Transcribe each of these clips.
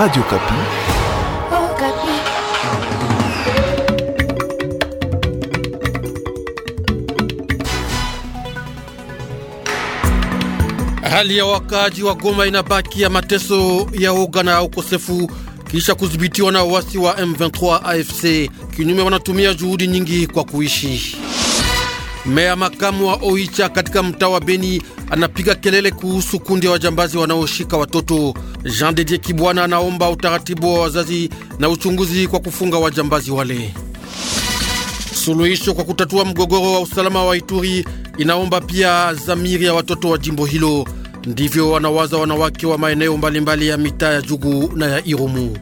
Radio Kapi. Oh, Kapi. Hali ya wakaaji wa Goma inabaki ya mateso ya oga na ukosefu kisha kudhibitiwa na wasi wa M23 AFC. Kinyume wanatumia juhudi nyingi kwa kuishi. Meya makamu wa Oicha katika mtaa wa Beni anapiga kelele kuhusu kundi ya wajambazi wanaoshika watoto. Jean Didier Kibwana anaomba utaratibu wa wazazi na uchunguzi kwa kufunga wajambazi wale. Suluhisho kwa kutatua mgogoro wa usalama wa Ituri inaomba pia zamiri ya watoto wa jimbo hilo. Ndivyo wanawaza wanawake wa maeneo mbalimbali ya mitaa ya Jugu na ya Irumu.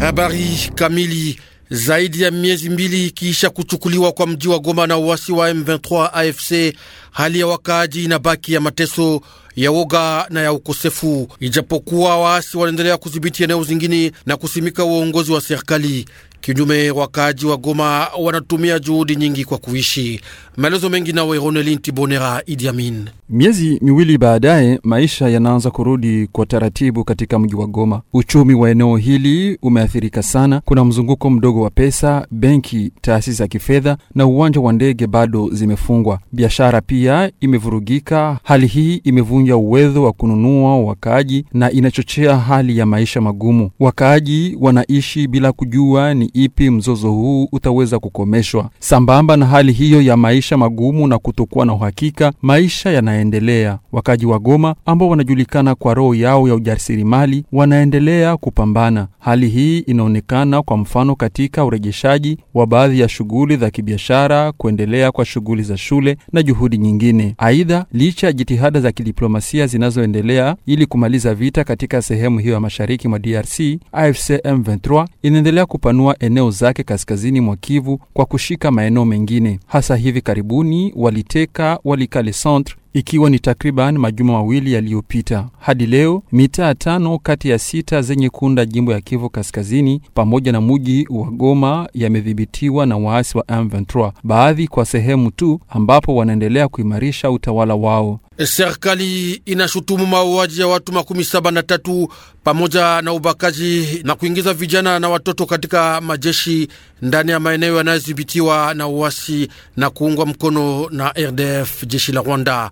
Habari kamili. Zaidi ya miezi mbili ikiisha kuchukuliwa kwa mji wa Goma na uasi wa M23 AFC, hali ya wakaaji inabaki ya mateso ya woga na ya ukosefu, ijapokuwa waasi wanaendelea kudhibiti eneo zingine na kusimika uongozi wa serikali. Kinyume, wakaaji wa Goma wanatumia juhudi nyingi kwa kuishi. Maelezo mengi nawe Ronelin Tibonera Idi Amin. Miezi miwili baadaye, maisha yanaanza kurudi kwa taratibu katika mji wa Goma. Uchumi wa eneo hili umeathirika sana. Kuna mzunguko mdogo wa pesa, benki, taasisi za kifedha na uwanja wa ndege bado zimefungwa. Biashara pia imevurugika. Hali hii imevunja uwezo wa kununua wakaaji na inachochea hali ya maisha magumu. Wakaaji wanaishi bila kujua ni ipi mzozo huu utaweza kukomeshwa. Sambamba na hali hiyo ya maisha magumu na kutokuwa na uhakika, maisha yanaendelea. Wakaji wa Goma ambao wanajulikana kwa roho yao ya ujasiriamali wanaendelea kupambana. Hali hii inaonekana kwa mfano katika urejeshaji wa baadhi ya shughuli za kibiashara, kuendelea kwa shughuli za shule na juhudi nyingine. Aidha, licha ya jitihada za kidiplomasia zinazoendelea ili kumaliza vita katika sehemu hiyo ya mashariki mwa DRC, AFC M23 inaendelea kupanua eneo zake kaskazini mwa Kivu kwa kushika maeneo mengine. Hasa hivi karibuni waliteka Walikale centre ikiwa ni takriban majuma mawili yaliyopita. Hadi leo mitaa tano kati ya sita zenye kunda jimbo ya Kivu Kaskazini pamoja na muji wa Goma yamedhibitiwa na waasi wa M23, baadhi kwa sehemu tu, ambapo wanaendelea kuimarisha utawala wao. Serikali inashutumu mauaji ya watu makumi saba na tatu pamoja na ubakaji na kuingiza vijana na watoto katika majeshi ndani ya maeneo yanayodhibitiwa na uasi na kuungwa mkono na RDF jeshi la Rwanda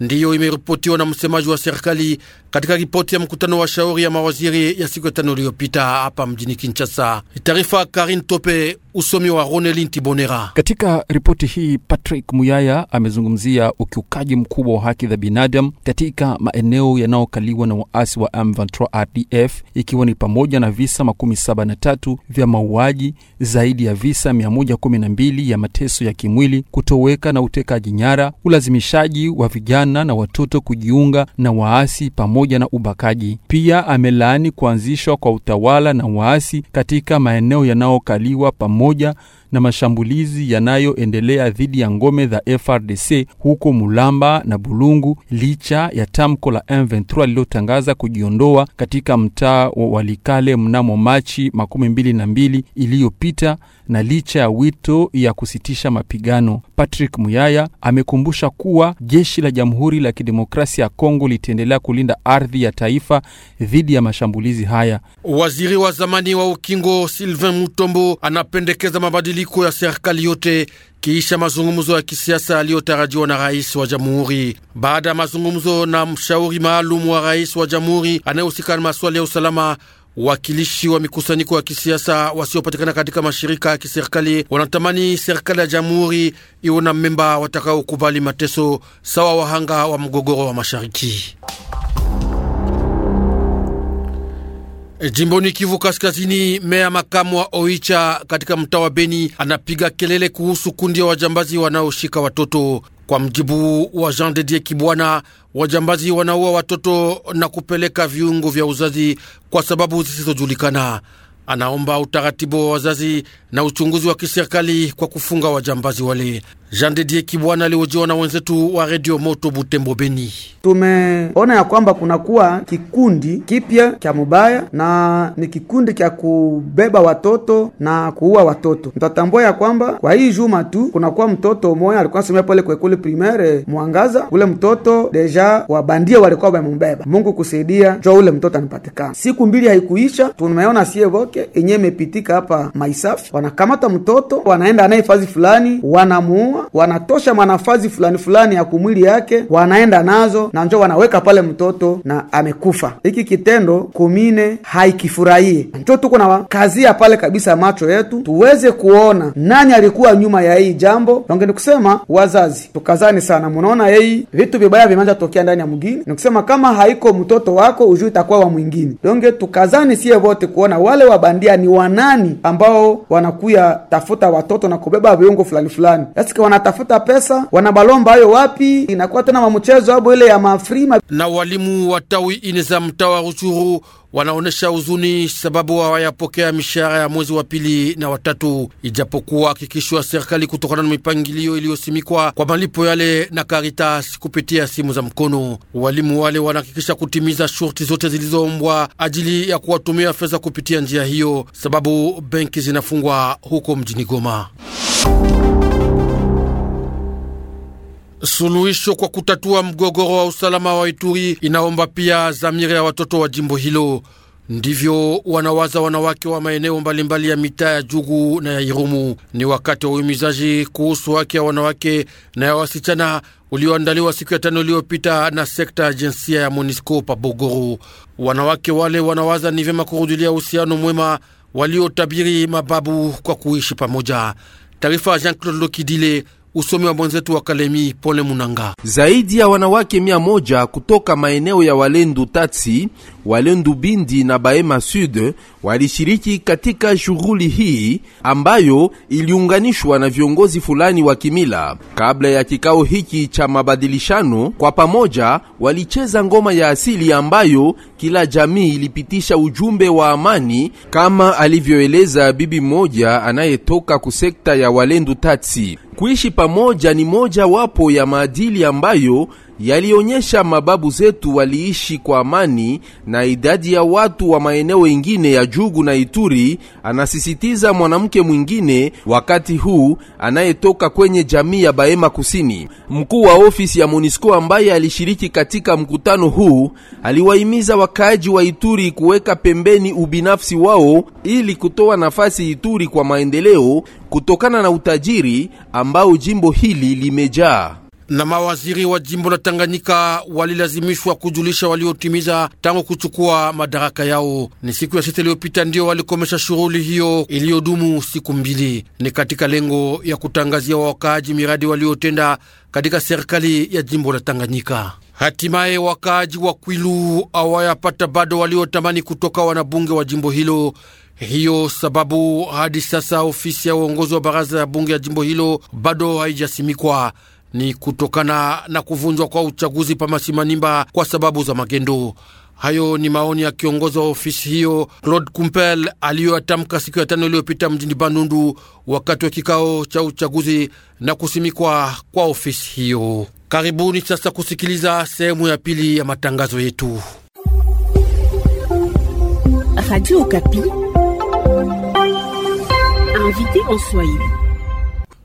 ndiyo imeripotiwa na msemaji wa serikali katika ripoti ya mkutano wa shauri ya mawaziri ya siku ya tano iliyopita hapa mjini Kinshasa. Taarifa Karin Tope, usomi wa Ronelin Tibonera. Katika ripoti hii, Patrick Muyaya amezungumzia ukiukaji mkubwa wa haki za binadamu katika maeneo yanayokaliwa na waasi wa M23 RDF, ikiwa ni pamoja na visa makumi saba na tatu vya mauaji, zaidi ya visa 112 ya mateso ya kimwili, kutoweka na utekaji nyara, ulazimishaji wa vijana na watoto kujiunga na waasi pamoja pamoja na ubakaji. Pia amelaani kuanzishwa kwa utawala na waasi katika maeneo yanayokaliwa pamoja na mashambulizi yanayoendelea dhidi ya ngome za FRDC huko Mulamba na Bulungu, licha ya tamko la M23 lililotangaza kujiondoa katika mtaa wa Walikale mnamo Machi makumi mbili na mbili iliyopita na licha ya wito ya kusitisha mapigano. Patrick Muyaya amekumbusha kuwa jeshi la Jamhuri la Kidemokrasia ya Kongo litaendelea kulinda ardhi ya taifa dhidi ya mashambulizi haya. Waziri wa zamani wa ukingo Sylvain Mutombo anapendekeza mabadiliko mabadiliko ya serikali yote kiisha mazungumzo ya kisiasa yaliyotarajiwa na rais wa jamhuri. Baada ya mazungumzo na mshauri maalum wa rais wa jamhuri anayehusika na maswali ya usalama, wakilishi wa mikusanyiko ya kisiasa wasiopatikana katika mashirika ya kiserikali wanatamani serikali ya jamhuri iwe na memba watakaokubali mateso sawa wahanga wa mgogoro wa mashariki. Eh, jimboni Kivu Kaskazini, meya makamu wa Oicha katika mtaa wa Beni anapiga kelele kuhusu kundi ya wajambazi wanaoshika watoto. Kwa mjibu wa Jean Dedie Kibwana, wajambazi wanaua watoto na kupeleka viungo vya uzazi kwa sababu zisizojulikana. Anaomba utaratibu wa wazazi na uchunguzi wa kiserikali kwa kufunga wajambazi wale. Jean Didier Kibwana aliojiwa na wenzetu wa redio Moto Butembo Beni. Tumeona ya kwamba kunakuwa kikundi kipya kya mubaya na ni kikundi kya kubeba watoto na kuua watoto. Mtatambua ya kwamba kwa hii juma tu kunakuwa mtoto moya alikuwa nasomea pale kwekuli primaire Mwangaza, ule mtoto deja wabandia walikuwa wamembeba. Mungu kusaidia jo ule mtoto anipatikana. Siku mbili haikuisha, tumeona sievoke enyewe imepitika hapa Maisafi, wanakamata mtoto wanaenda anaye fazi fulani wanamuua wanakamua, wanatosha manafazi fulani fulani ya kumwili yake, wanaenda nazo na njo wanaweka pale mtoto na amekufa. Hiki kitendo kumine haikifurahie, njo tuko na kazia pale kabisa macho yetu tuweze kuona nani alikuwa nyuma ya hii jambo. donge nikusema wazazi tukazani sana, munaona yeyi vitu vibaya vimeanza tokea ndani ya mgini. Nikusema kama haiko mtoto wako ujui itakuwa wa mwingine. donge tukazani siye vote kuona wale wabandia ni wanani ambao wanakuya tafuta watoto na kubeba viungo fulani fulani wanatafuta pesa, wanabalomba ayo wapi? Inakuwa tena mamchezo hapo ile ya mafrima. Na walimu wa tawi ineza mtawa mtaa wa Ruchuru wanaonesha huzuni sababu hawayapokea mishahara ya mwezi wa pili na watatu, ijapokuwa hakikisho ya serikali kutokana na mipangilio iliyosimikwa kwa malipo yale na Karitas kupitia simu za mkono. Walimu wale wanahakikisha kutimiza shurti zote zilizoombwa ajili ya kuwatumia fedha kupitia njia hiyo, sababu benki zinafungwa huko mjini Goma. Suluhisho kwa kutatua mgogoro wa usalama wa Ituri inaomba pia zamiri ya watoto wa jimbo hilo. Ndivyo wanawaza wanawake wa maeneo mbalimbali ya mitaa ya Jugu na ya Irumu. Ni wakati wa uhimizaji kuhusu haki ya wanawake na ya wasichana ulioandaliwa siku ya tano iliyopita na sekta ya jinsia ya MONUSCO Bogoro. Wanawake wale wanawaza ni vyema kurudilia uhusiano mwema waliotabiri mababu kwa kuishi pamoja. Taarifa ya Jean Claude Lokidile usomi wa mwenzetu wa Kalemi Pole Munanga. Zaidi ya wanawake mia moja kutoka maeneo ya Walendu Tati, Walendu Bindi na Baema Sud walishiriki katika shughuli hii ambayo iliunganishwa na viongozi fulani wa kimila. Kabla ya kikao hiki cha mabadilishano, kwa pamoja walicheza ngoma ya asili ambayo kila jamii ilipitisha ujumbe wa amani, kama alivyoeleza bibi mmoja anayetoka kusekta ya Walendu Tatsi. Kuishi pamoja ni moja wapo ya maadili ambayo yalionyesha mababu zetu waliishi kwa amani na idadi ya watu wa maeneo mengine ya Jugu na Ituri, anasisitiza mwanamke mwingine wakati huu anayetoka kwenye jamii ya Bahema Kusini. Mkuu wa ofisi ya MONUSCO ambaye alishiriki katika mkutano huu aliwahimiza wakaaji wa Ituri kuweka pembeni ubinafsi wao ili kutoa nafasi Ituri kwa maendeleo kutokana na utajiri ambao jimbo hili limejaa na mawaziri wa jimbo la Tanganyika walilazimishwa kujulisha waliotimiza tangu kuchukua madaraka yao. Ni siku ya sita iliyopita ndiyo walikomesha shughuli hiyo iliyodumu siku mbili. Ni katika lengo ya kutangazia wakaaji miradi waliotenda katika serikali ya jimbo la Tanganyika. Hatimaye wakaaji wa Kwilu awayapata bado waliotamani kutoka wanabunge wa jimbo hilo hiyo sababu hadi sasa ofisi ya uongozi wa baraza ya bunge ya jimbo hilo bado haijasimikwa ni kutokana na kuvunjwa kwa uchaguzi pa Masimanimba kwa sababu za magendo. Hayo ni maoni ya kiongozi wa ofisi hiyo Claude Kumpel aliyoyatamka siku ya tano iliyopita mjini Bandundu wakati wa kikao cha uchaguzi na kusimikwa kwa ofisi hiyo. Karibuni sasa kusikiliza sehemu ya pili ya matangazo yetu. Radio Okapi, invité en Swahili.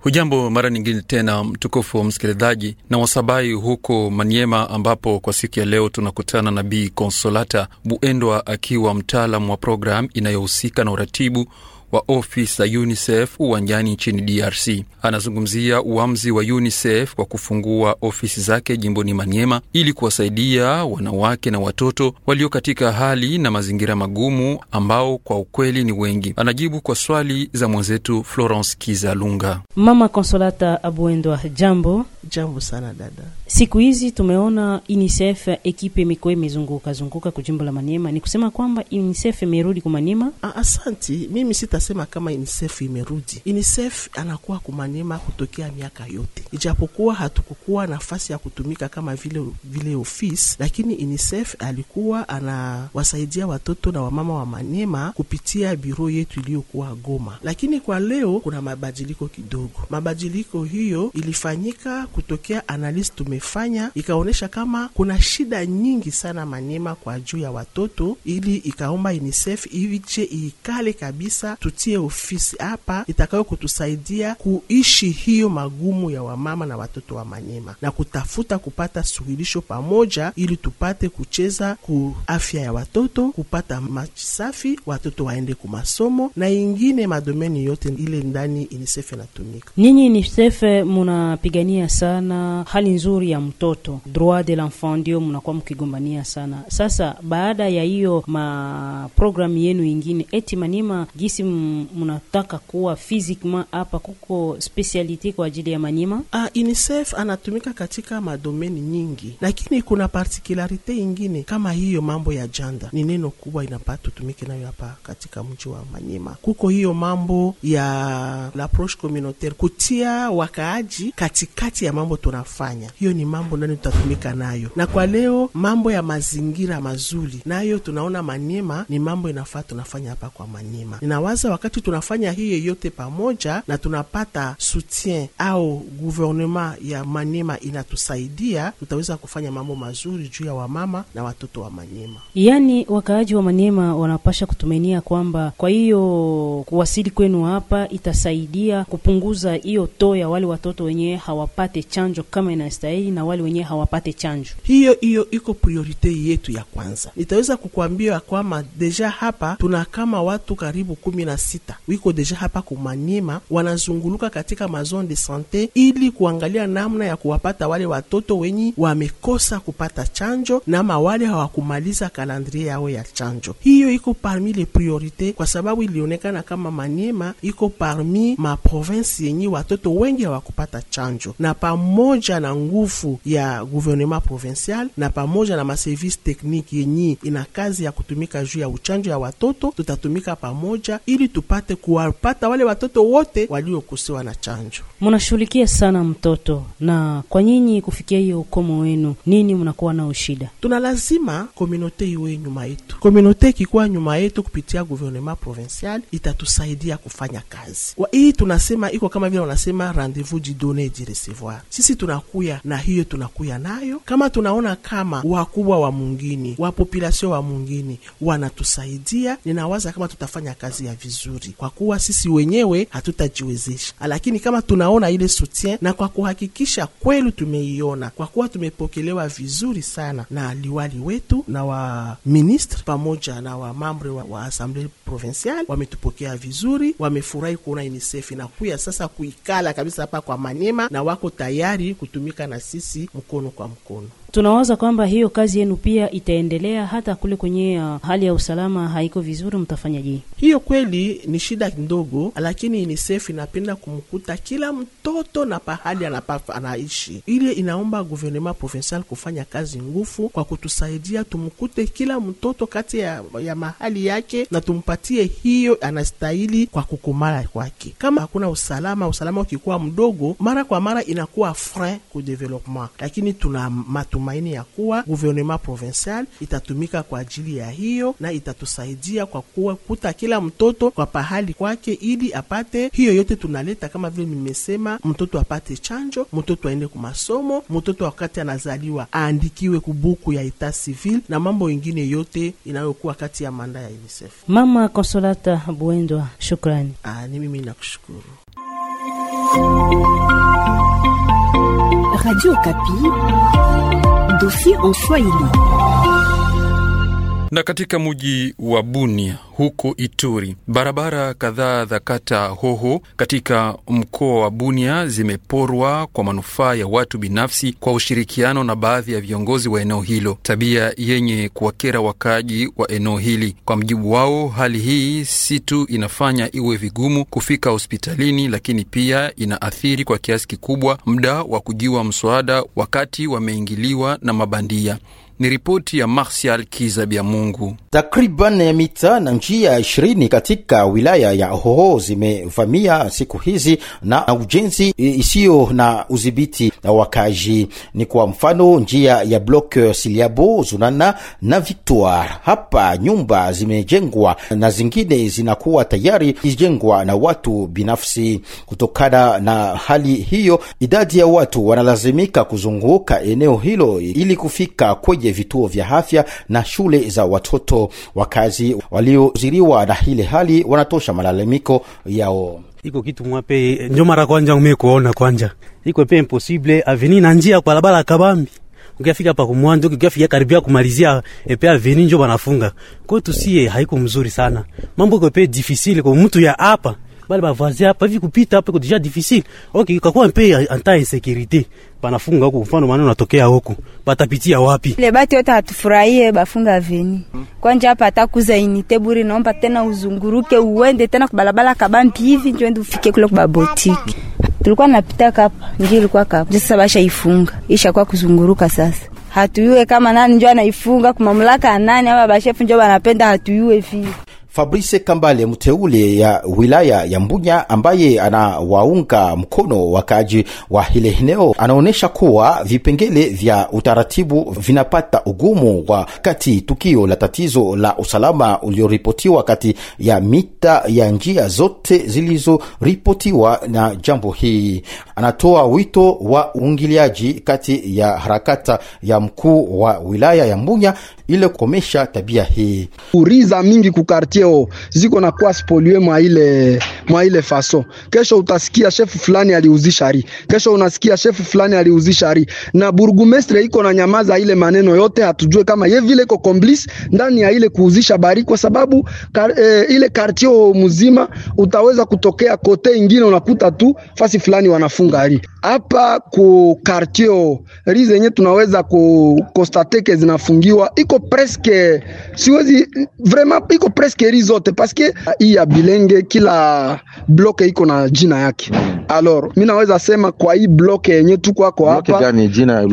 Hujambo mara nyingine tena, mtukufu wa msikilizaji na wasabai huko Manyema, ambapo kwa siku ya leo tunakutana na Bi Konsolata Buendwa akiwa mtaalamu wa programu inayohusika na uratibu wa ofisi za UNICEF uwanjani nchini DRC. Anazungumzia uamuzi wa UNICEF kwa kufungua ofisi zake jimboni Maniema ili kuwasaidia wanawake na watoto walio katika hali na mazingira magumu ambao kwa ukweli ni wengi. Anajibu kwa swali za mwenzetu Florence Kizalunga. Mama Konsolata Abuendwa, jambo. Jambo sana dada. Siku hizi tumeona UNICEF ekipe imekuwa imezunguka zunguka kujimbo la Maniema, ni kusema kwamba UNICEF imerudi kwa Maniema. Ah, Asanti, mimi sita utasema kama UNICEF imerudi. UNICEF anakuwa kumanyema kutokea miaka yote, ijapokuwa hatukukuwa nafasi ya kutumika kama vile vile ofisi, lakini UNICEF alikuwa anawasaidia watoto na wamama wa Manyema kupitia biro yetu iliyokuwa Goma. Lakini kwa leo kuna mabadiliko kidogo. Mabadiliko hiyo ilifanyika kutokea analisi tumefanya, ikaonyesha kama kuna shida nyingi sana Manyema kwa juu ya watoto, ili ikaomba UNICEF ivije iikale kabisa tu tutie ofisi hapa itakayo kutusaidia kuishi hiyo magumu ya wamama na watoto wa Manyema na kutafuta kupata suluhisho pamoja, ili tupate kucheza ku afya ya watoto, kupata maji safi, watoto waende ku masomo na ingine madomeni yote ile ndani UNICEF inatumika. Nyinyi UNICEF munapigania sana hali nzuri ya mtoto, droit de l'enfant, ndio mnakuwa mkigombania sana. Sasa baada ya hiyo maprogramu yenu ingine, eti Manyema gisi mnataka kuwa fizikma hapa, kuko speciality kwa ajili ya Manyema? Ah, UNICEF anatumika katika madomeni nyingi, lakini kuna particularité ingine kama hiyo. Mambo ya janda ni neno kubwa, inapaa tutumike nayo hapa katika mji wa Manyema. Kuko hiyo mambo ya l'approche communautaire, kutia wakaaji katikati ya mambo tunafanya, hiyo ni mambo ndani tutatumika nayo, na kwa leo mambo ya mazingira mazuri nayo tunaona Manyema ni mambo inafaa tunafanya hapa kwa Manyema. Ninawaza wakati tunafanya hiyo yote pamoja na tunapata soutien au guvernema ya Manyema inatusaidia, tutaweza kufanya mambo mazuri juu ya wamama na watoto wa Manyema. Yani wakaaji wa Manyema wanapasha kutumainia kwamba kwa hiyo kuwasili kwenu hapa itasaidia kupunguza hiyo to ya wale watoto wenyewe hawapate chanjo kama inastahili na wale wenyewe hawapate chanjo. Hiyo hiyo iko priorite yetu ya kwanza. Nitaweza kukuambia kwamba deja hapa tuna kama watu karibu kumi na na sita wiko deja hapa kumanyema, wanazunguluka katika mazone de sante ili kuangalia namna ya kuwapata wale watoto wenye wamekosa kupata chanjo nama mawale hawakumaliza kalandrie yao ya chanjo. Hiyo iko parmi le priorite, kwa sababu ilionekana kama Maniema iko parmi maprovinsi yenye watoto wengi hawakupata chanjo, na pamoja na nguvu ya gouvernement provincial na pamoja na maservice tekniki yenye ina kazi ya kutumika juu ya uchanjo ya watoto, tutatumika pamoja ili ili tupate kuwapata wale watoto wote waliokosewa na chanjo. Mnashughulikia sana mtoto, na kwa nyinyi kufikia hiyo ukomo wenu, nini mnakuwa nao shida? Tuna lazima komunote iwe nyuma yetu. Komunote ikikuwa nyuma yetu kupitia gouvernement provincial itatusaidia kufanya kazi kwa hii tunasema iko kama vile wanasema rendezvous vous du donner du recevoir. Sisi tunakuya na hiyo tunakuya nayo, kama tunaona kama wakubwa wa mungini wa wa mungini wanatusaidia, ninawaza kama tutafanya kazi ya vizu vizuri, kwa kuwa sisi wenyewe hatutajiwezesha, lakini kama tunaona ile soutien na kwa kuhakikisha kweli tumeiona, kwa kuwa tumepokelewa vizuri sana na liwali wetu na wa ministre pamoja na wa mambre wa, wa assemblée provinciale, wametupokea vizuri, wamefurahi kuona UNICEF kuya sasa kuikala kabisa hapa kwa Manyema, na wako tayari kutumika na sisi mkono kwa mkono tunawaza kwamba hiyo kazi yenu pia itaendelea hata kule kwenye uh, hali ya usalama haiko vizuri, mtafanyaje? Hiyo kweli ni shida ndogo lakini UNICEF inapenda kumkuta kila mtoto na pahali anapafa anaishi. Ile inaomba gouvernement provincial kufanya kazi ngufu kwa kutusaidia tumkute kila mtoto kati ya, ya mahali yake na tumpatie hiyo anastahili kwa kukumala kwake. Kama hakuna usalama, usalama ukikuwa mdogo mara kwa mara inakuwa frein ku development, lakini tuna matu matumaini ya kuwa guvernema provincial itatumika kwa ajili ya hiyo na itatusaidia kwa kuwa kuta kila mtoto kwa pahali kwake, ili apate hiyo yote tunaleta kama vile nimesema, mtoto apate chanjo, mtoto aende kwa masomo, mtoto wakati anazaliwa aandikiwe kubuku ya etat civil na mambo ingine yote inayokuwa kati ya manda ya UNICEF. Mama Konsolata Bwendwa, shukrani. Ah, ni mimi nakushukuru. Radio Kapi, dossier en Swahili. Na katika mji wa Bunia huko Ituri. Barabara kadhaa za kata Hoho katika mkoa wa Bunia zimeporwa kwa manufaa ya watu binafsi kwa ushirikiano na baadhi ya viongozi wa eneo hilo, tabia yenye kuwakera wakaaji wa eneo hili. Kwa mjibu wao, hali hii si tu inafanya iwe vigumu kufika hospitalini, lakini pia inaathiri kwa kiasi kikubwa muda wa kujiwa mswada wakati wameingiliwa na mabandia. Ni ripoti ya Martial Kiza Bya Mungu. Takriban ya mita na nchi njia ishirini katika wilaya ya Hoho zimevamia siku hizi na ujenzi isiyo na udhibiti na wakaji. Ni kwa mfano njia ya blok Siliabo, Zunana na Victoire. Hapa nyumba zimejengwa na zingine zinakuwa tayari zijengwa na watu binafsi. Kutokana na hali hiyo, idadi ya watu wanalazimika kuzunguka eneo hilo ili kufika kwenye vituo vya afya na shule za watoto. Wakazi walio walioziriwa na ile hali wanatosha malalamiko yao. Iko kitu mwape njo mara kwanja umekuona kwanja, iko pe impossible aveni na njia barabara kabambi ukifika pa kumwanzo ukifika karibia kumalizia epe eh, aveni njo banafunga kwetu, tusie, haiko mzuri sana mambo kwa pe difficile kwa mtu ya hapa bale bavazi hapa hivi, kupita hapa deja difficile. ok kakuwa mpe anta insécurité banafunga huko, mfano maneno natokea huko, batapitia wapi? Ile bati yote hatufurahie, bafunga veni kwanja hapa, atakuza inite buri. Naomba tena uzunguruke uende tena kubalabala kabambi hivi, njoo ndio ufike kule kwa tulikuwa napita kapa, njia ilikuwa kapa, sasa basha ifunga isha kwa kuzunguruka sasa hatuyue kama nani njo anaifunga kumamlaka nani, aba bashefu njo banapenda hatuyue vile Fabrice Kambale, mteule ya wilaya ya Mbunya ambaye anawaunga mkono wakaaji wa hile eneo, anaonyesha kuwa vipengele vya utaratibu vinapata ugumu wa kati tukio la tatizo la usalama ulioripotiwa kati ya mita ya njia zote zilizoripotiwa na jambo hii anatoa wito wa uingiliaji kati ya harakata ya mkuu wa wilaya ya Mbunya ile kukomesha tabia hii. Uriza mingi kukartieo ziko na kwa spolue mwa ile mwa ile faso. Kesho utasikia shefu fulani aliuzisha ri, kesho unasikia shefu fulani aliuzisha ri, na burgumestre iko na nyamaza ile maneno yote, hatujue kama ye vile ko complice ndani ya ile kuuzisha bari, kwa sababu kar, e, ile kartio mzima utaweza kutokea kote ingine unakuta tu fasi fulani wanafunga Ngali hapa ku kartio ri zenye tunaweza kukonstateke zinafungiwa iko presque, siwezi vraiment, iko presque ri zote paske ah, hii ya Bilenge kila bloke iko na jina yake. Alors mi naweza sema kwa hii bloke yenye tuko hako hapa gani, jina ya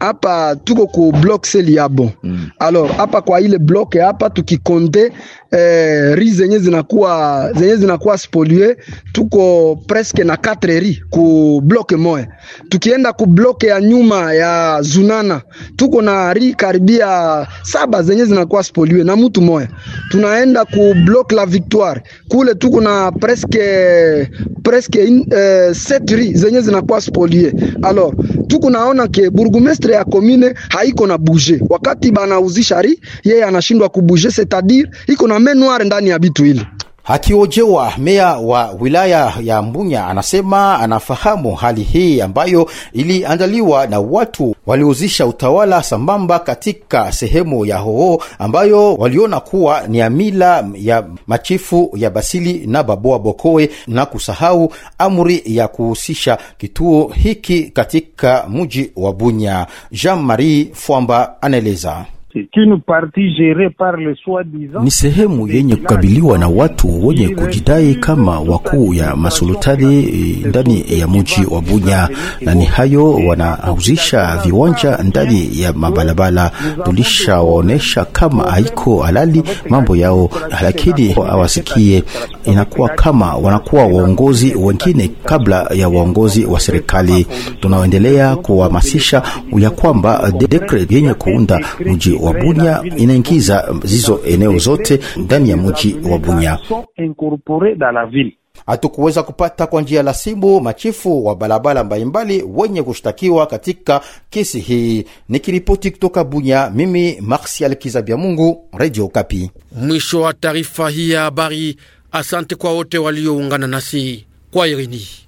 hapa tuko ku block seli yabo. Mm. Alors hapa kwa ile bloke hapa tukikonde eh, ri zenye zinakuwa zenye zinakuwa spolier, tuko presque na 4 ri ku block moya. Tukienda ku block ya nyuma ya Zunana, tuko na ri karibia saba zenye zinakuwa spolier na mtu moya. Tunaenda ku block la Victoire, kule tuko na presque presque in, eh, set ri zenye zinakuwa spolier. Alors tuko naona ke burgomestre ya commune haiko na bouger, wakati banauzisha ri yeye anashindwa kubouger, c'est-à-dire iko na arme ndani ya bitu hili. Akiojewa meya wa wilaya ya Mbunya anasema anafahamu hali hii ambayo iliandaliwa na watu waliozisha utawala sambamba katika sehemu ya Hoho ambayo waliona kuwa ni amila ya machifu ya Basili na Baboa Bokoe na kusahau amri ya kuhusisha kituo hiki katika mji wa Bunya. Jean Marie Fwamba anaeleza. Ni sehemu yenye kukabiliwa na watu wenye kujidai kama wakuu ya masulutani eh, ndani ya mji wa Bunya, na ni hayo wanahuzisha viwanja ndani ya mabalabala. Tulishawaonesha kama haiko halali mambo yao, lakini hawasikie. Inakuwa kama wanakuwa waongozi wengine kabla ya waongozi wa serikali. Tunaendelea kuhamasisha ya kwamba dekret yenye kuunda mji wa Bunia inaingiza zizo eneo zote ndani ya mji wa Bunia. Hatukuweza kupata kwa njia la simu machifu wa barabara mbalimbali wenye kushtakiwa katika kesi hii. Nikiripoti kutoka Bunya, mimi Marsial Kizabia Mungu, Radio Kapi. Mwisho wa taarifa hii ya habari. Asante kwa wote walioungana nasi kwa irini.